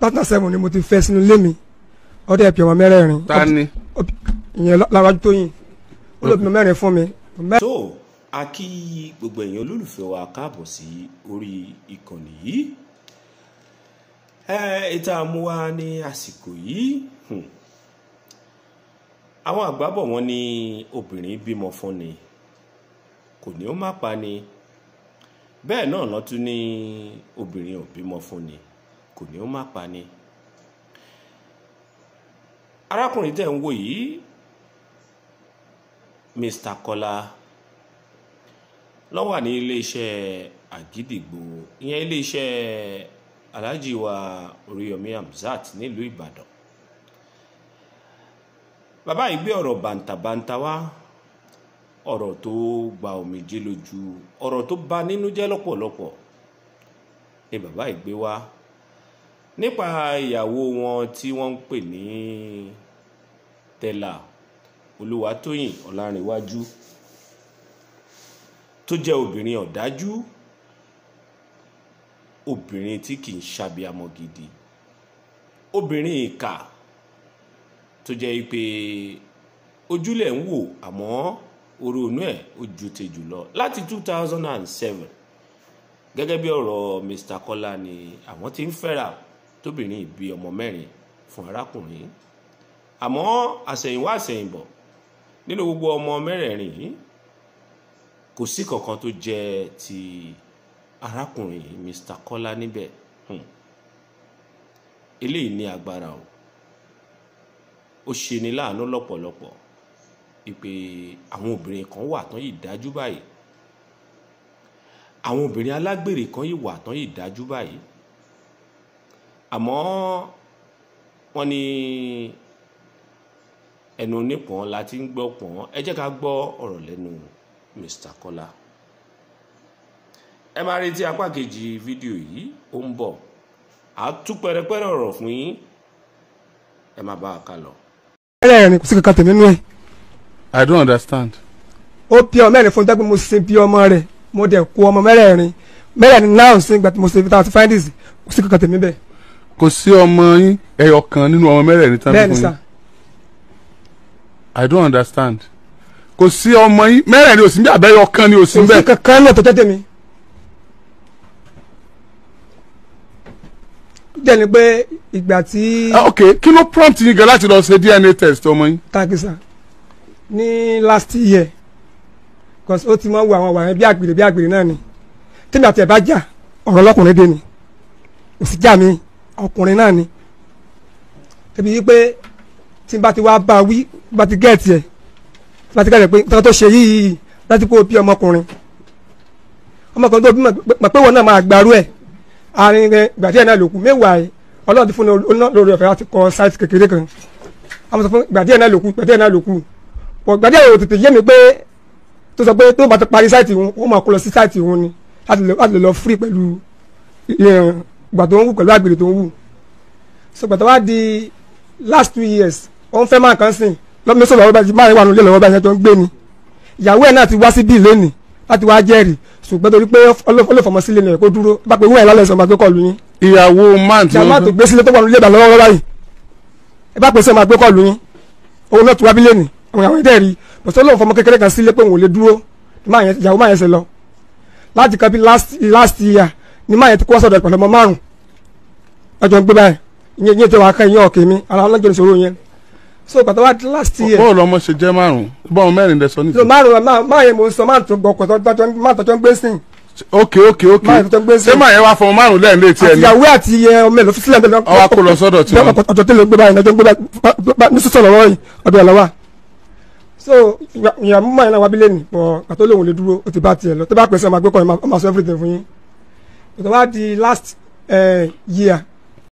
tátà sẹ́wọ̀n ni mo ti fẹ́ sínú ilé ọdẹ ẹ̀pì ọmọ mẹ́rẹ̀ẹ̀rin ìyẹn Láràjù Tóyìn ó lè mẹ́rin fún mi. tó a kí gbogbo èèyàn olólùfẹ́ wa káàbọ̀ sí orí ìkànnì yìí ìta eh, àmúwá ní àsìkò yìí hmm. àwọn àgbà bọ̀ wọ́n ní obìnrin bímọ fún ni kò ní ó má pa ni bẹ́ẹ̀ náà lọ́tún ní obìnrin ò bímọ fún ni. Obìnrin, kò ní ó má pa ni. arákùnrin tẹ̀ ń wò yìí Mr. Kọ́lá ló wà ní iléeṣẹ́ àgídìgbò ìyẹn iléeṣẹ́ Alhaji wa Oríyọmí Hamzat nílùú Ìbàdàn bàbá yìí gbé ọ̀rọ̀ bàǹtàbàǹtà wá ọ̀rọ̀ tó gba omijé lójú ọ̀rọ̀ tó bà nínú jẹ́ lọ́pọ̀lọpọ̀ ni bàbá yìí gbé wá nípa ìyàwó wọn tí wọ́n ń pè ní tẹ́lá olúwatóyìn ọlárìnwájú tó jẹ́ obìnrin ọ̀dájú obìnrin tí kì í ṣàbíamọ gidi obìnrin ìkà tó jẹ́ pé ojúlẹ̀ ń wò àmọ́ orónú ẹ̀ ojú tejù lọ láti two thousand and seven gẹ́gẹ́ bí ọ̀rọ̀ Mr. kola ni àwọn tí ń fẹ́ra tóbìnrin bí ọmọ mẹ́rin fún arákùnrin àmọ́ àsẹ̀yìnwá àsẹ̀yìnbọ̀ nínú gbogbo ọmọ mẹ́rẹ̀ẹ̀rin yìí kò sí kankan tó jẹ́ ti arákùnrin Mr. Kọ́lá níbẹ̀ hmm. eléyìí ní agbára o ó ṣe ni láàánú lọ́pọ̀lọpọ̀ ìpè àwọn obìnrin kan wà tán yìí dájú báyìí àwọn obìnrin alágbèrè kan yìí wà tán yìí dájú báyìí àmọ́ wọ́n ní ẹnu onípọ̀n la ti ń gbọ́ pọ̀n ẹ jẹ́ ká gbọ́ ọ̀rọ̀ lẹ́nu Mr. Kọ́lá ẹ máa retí apá kejì fídíò yìí ó ń bọ̀ a tú pẹrẹpẹrẹ ọ̀rọ̀ fún yín ẹ má bá a kà lọ. ẹ̀rẹ́ rẹ̀ ni kò sí kankan tèmi nú ẹ̀. I don't understand. ó bí ọmọ ẹ̀rin fún dágbé mo sin bí ọmọ rẹ̀ mo dẹ̀ kó ọmọ mẹ́rẹ̀ẹ̀rin mẹ́rẹ̀ẹ̀rin náà sí gbàtí mo ṣe fi tàwọn ti findings kò sí kankan tèmi bẹ́ẹ̀ kò sí ọmọ yín ẹyọ kan nínú ọmọ mẹ́rẹ̀ẹ̀rin tán fún yín i don't understand kò sí ọmọ yín mẹ́rẹ̀ẹ̀rin ò sí kan ni ò sí kankan náà tó tẹ́tẹ̀ jẹ́ ni pé ìgbà tí. Ah, ok kí ló prompt yín gan láti lọ ṣe dna test ọmọ yín. thank you sir ní last year cause ó ti máa wo àwọn wàhán bí àgbèrè bí àgbèrè náà ni tèmi àti ẹ̀ bá jà ọ̀rọ̀ ọlọ́kùnrin dé ni òsì jà mí ọkùnrin náà ni tẹbi wípé tí n bá ti wá bá wí bá ti gẹ̀ẹ́tì ẹ̀ bá ti gẹ̀ẹ́tì pé nǹkan tó ṣe yìí láti kó o bí ọmọkùnrin ọmọkùnrin tó bí mọ̀ pé wọn náà máa gbàrú ẹ̀ àárín rẹ̀ gbàdí ẹ̀ náà lòkù mẹ́wàá ẹ̀ ọlọ́run ti fún ní lórí ọ̀fẹ́ láti kọ́ sáìtì kékeré kan àwọn sọ fún gbàdí ẹ̀ náà lòkù gbàdí ẹ̀ náà lòkù pọ̀ gbàdí ẹ̀ ò tètè yé mi pé tó sọ pé tó bá ti parí sáìtì òun ó máa kó lọ sí sáìtì òun ni láti lọ fúrí pẹ̀lú ìgbà tó ń wù pẹ̀lú àgbèrè tó ń wù so gbàtà wá di last two years ó ń fẹ́ máa kàn sìn lọ́mọ sọ̀rọ̀ ọ̀rọ̀ báyìí márùn-ún wà nílé lọ́wọ́ báyìí tó ń gbé ni ìyàwó ẹ̀ náà ti wá sí bíi lónìí láti wá jẹ́rìí ṣùgbọ́n torí pé ọlọ́fọmọ sílé ni ẹ̀kọ́ dúró bá pé wúwẹ̀ lálẹ́ sọ̀rọ̀ àgbékọ̀lù yín. ìyàwó man tí wọ́n tó gbé sílé tó wà nílé ìbàlọ́wọ́ lọ́wọ́ báyìí ẹ bá pè sọ̀rọ̀ àgbékọ̀lù yín òun náà ti wá bílẹ̀ ni àwọn àwọn ẹ̀dẹ́rì pẹ̀sẹ̀ ọlọ́fọmọ kékeré kan sílé pé òun ò lè dúró ìyàwó máa yẹn ṣe lọ láti kan bí last year ní máa yẹn ti kó sọ̀dọ̀ pẹ̀lú ọmọ márùn ọjọ́ ń gbé báyìí ìyẹn ìyẹn tó ká ìyẹn ọ̀kẹ́ mi ara ọlọ́jọ́ ní sòrò yẹn so pàtó wá di last year. bọ́ọ̀lù ọmọ ṣe jẹ́ márùn bọ́ọ̀lù mẹ́rin dẹ̀ sọ ní. so márùn máa yẹn mo sọ máa tó gbọkọ máa tọjọ́ ń gbé sìn. ok ok ok ṣé máa yẹn wá fọmọ márùn lẹ́yìn lé tiẹ̀ ni. àtìyàwó àti ọmọ ẹ̀ ló fi sílẹ̀ ń bẹ̀rẹ̀. ọwọ́ kò lọ sọ́dọ̀ tí wọn. ọjọ́ tẹ́lẹ̀ gbé báyìí ọjọ́ gbé báyìí ní sísọ̀ lọ́wọ́ yìí ọdún ẹ̀ lọ́wọ́ so ìyàmú máa yẹn náà wá bí lẹ́nu pọ̀ àtọ́lóhùn lè dúró ó ti bá tiẹ̀ lọ tó bá pèsè ọmọ àgbẹ̀kọ̀ ẹ̀ máa sọ everything fún yín tó bá di last uh, year